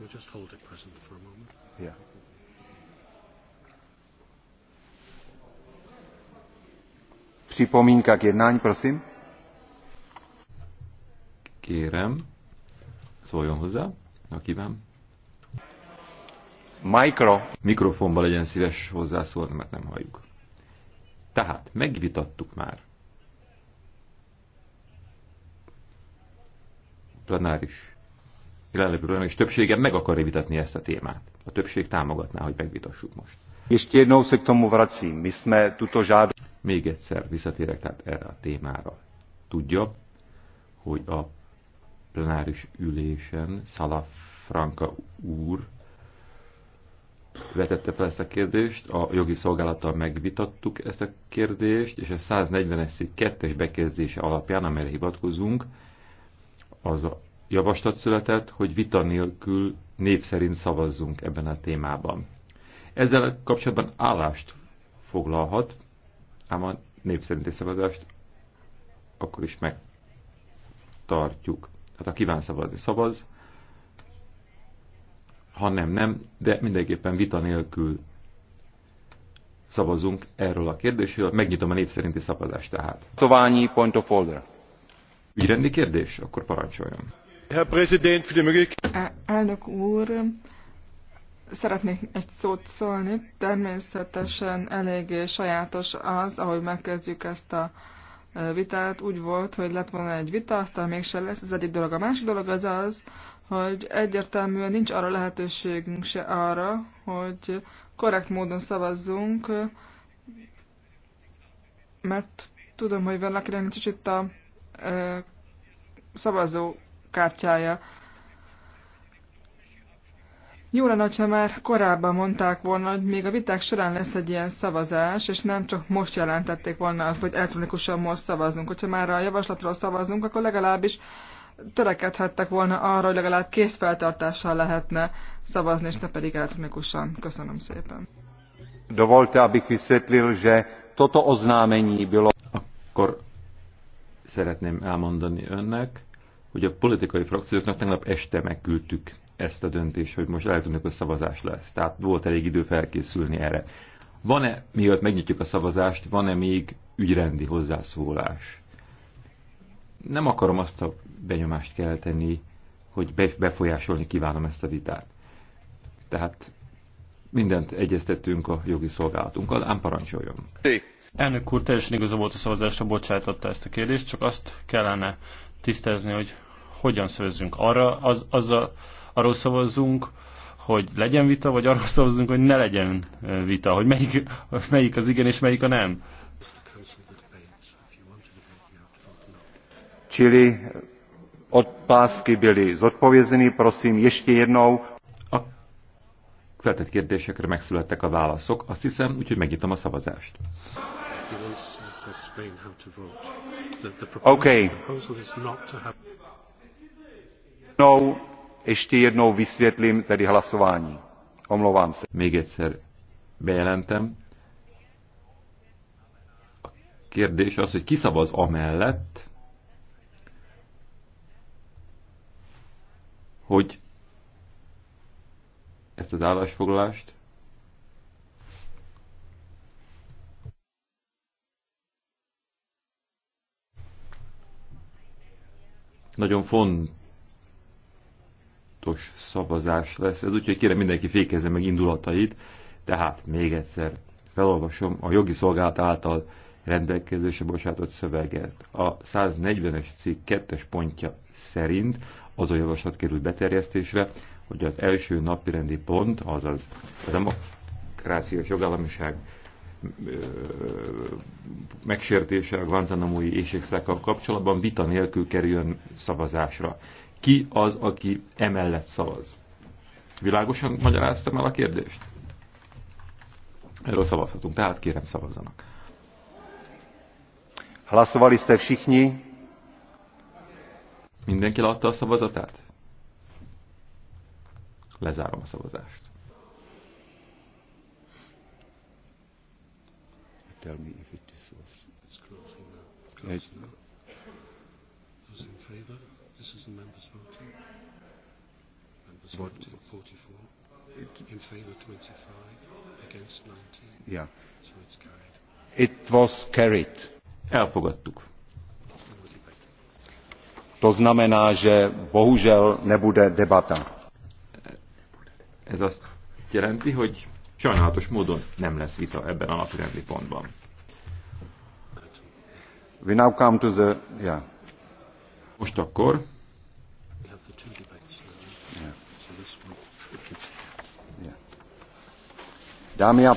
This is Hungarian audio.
We'll just hold it present for a moment. Yeah. Připomínka k jednání, prosím. Kérem, szóljon hozzá, akiben. Mikro. Mikrofonba legyen szíves hozzászólni, mert nem halljuk. Tehát, megvitattuk már. Plenáris jelenlegi és többsége meg akarja vitatni ezt a témát. A többség támogatná, hogy megvitassuk most. És jednou se k tomu vracím. My jsme tuto žádost... Még egyszer visszatérek tehát erre a témára. Tudja, hogy a plenáris ülésen Franka úr vetette fel ezt a kérdést, a jogi szolgálattal megvitattuk ezt a kérdést, és a 140-es kettes bekezdése alapján, amelyre hivatkozunk, az a javaslat született, hogy vita nélkül név szerint szavazzunk ebben a témában. Ezzel kapcsolatban állást foglalhat, ám a név szerinti szavazást akkor is megtartjuk. Hát ha kíván szavazni, szavaz, ha nem, nem, de mindenképpen vita nélkül szavazunk erről a kérdésről. Megnyitom a név szerinti szavazást tehát. Szoványi, point of order. Ügyrendi kérdés? Akkor parancsoljon. Elnök úr, szeretnék egy szót szólni. Természetesen eléggé sajátos az, ahogy megkezdjük ezt a e, vitát. Úgy volt, hogy lett volna egy vita, aztán mégse lesz. Ez egyik dolog. A másik dolog az az, hogy egyértelműen nincs arra lehetőségünk se arra, hogy korrekt módon szavazzunk, mert tudom, hogy vannak, nincs itt a e, szavazó kártyája. Jó lenne, már korábban mondták volna, hogy még a viták során lesz egy ilyen szavazás, és nem csak most jelentették volna azt, hogy elektronikusan most szavazunk. Hogyha már a javaslatról szavazunk, akkor legalábbis törekedhettek volna arra, hogy legalább készfeltartással lehetne szavazni, és ne pedig elektronikusan. Köszönöm szépen. Dovolte, abych vysvetlil, že toto oznámení bylo... Akkor szeretném elmondani önnek, hogy a politikai frakcióknak tegnap este megküldtük ezt a döntést, hogy most eltűnök a szavazás lesz. Tehát volt elég idő felkészülni erre. Van-e, mielőtt megnyitjuk a szavazást, van-e még ügyrendi hozzászólás? Nem akarom azt a benyomást kelteni, hogy befolyásolni kívánom ezt a vitát. Tehát mindent egyeztettünk a jogi szolgálatunkkal, ám parancsoljon. Sí. Elnök úr, teljesen igaza volt a szavazásra, bocsátotta ezt a kérdést, csak azt kellene tisztázni, hogy hogyan szavazzunk. Arra, az, a arról szavazzunk, hogy legyen vita, vagy arról szavazzunk, hogy ne legyen vita, hogy melyik, melyik az igen és melyik a nem. od pásky byly zodpovězeny, prosím ještě jednou feltett kérdésekre megszülettek a válaszok. Azt hiszem, úgyhogy megnyitom a szavazást. Okay. No, ještě jednou vysvětlím tedy hlasování. Omlouvám se. Még egyszer bejelentem. A kérdés az, hogy ki szavaz amellett, hogy ezt az állásfoglalást. Nagyon fontos szavazás lesz ez, úgyhogy kérem mindenki fékezze meg indulatait. Tehát még egyszer felolvasom a jogi szolgálat által rendelkezésre bocsátott szöveget. A 140-es cikk kettes pontja szerint az a javaslat került beterjesztésre, hogy az első napirendi pont, azaz a demokráciás jogállamiság megsértése a Guantanamo-i éjségszákkal kapcsolatban vita nélkül kerüljön szavazásra. Ki az, aki emellett szavaz? Világosan magyaráztam el a kérdést? Erről szavazhatunk, tehát kérem szavazzanak. Hlasovali ste všichni? Mindenki látta a szavazatát? Lezárom a szavazást. Tell me if it is It's closing now. Closing now. Those in favour? This is the members voting. Members What? voting 44. It, in favour 25. Against 19. Yeah. So it's carried. It was carried. Elfogadtuk. To znamená, že bohužel nebude debata. Ez azt jelenti, hogy sajnálatos módon nem lesz vita ebben a napirendi pontban. We now come to the, yeah. Most akkor Dámy a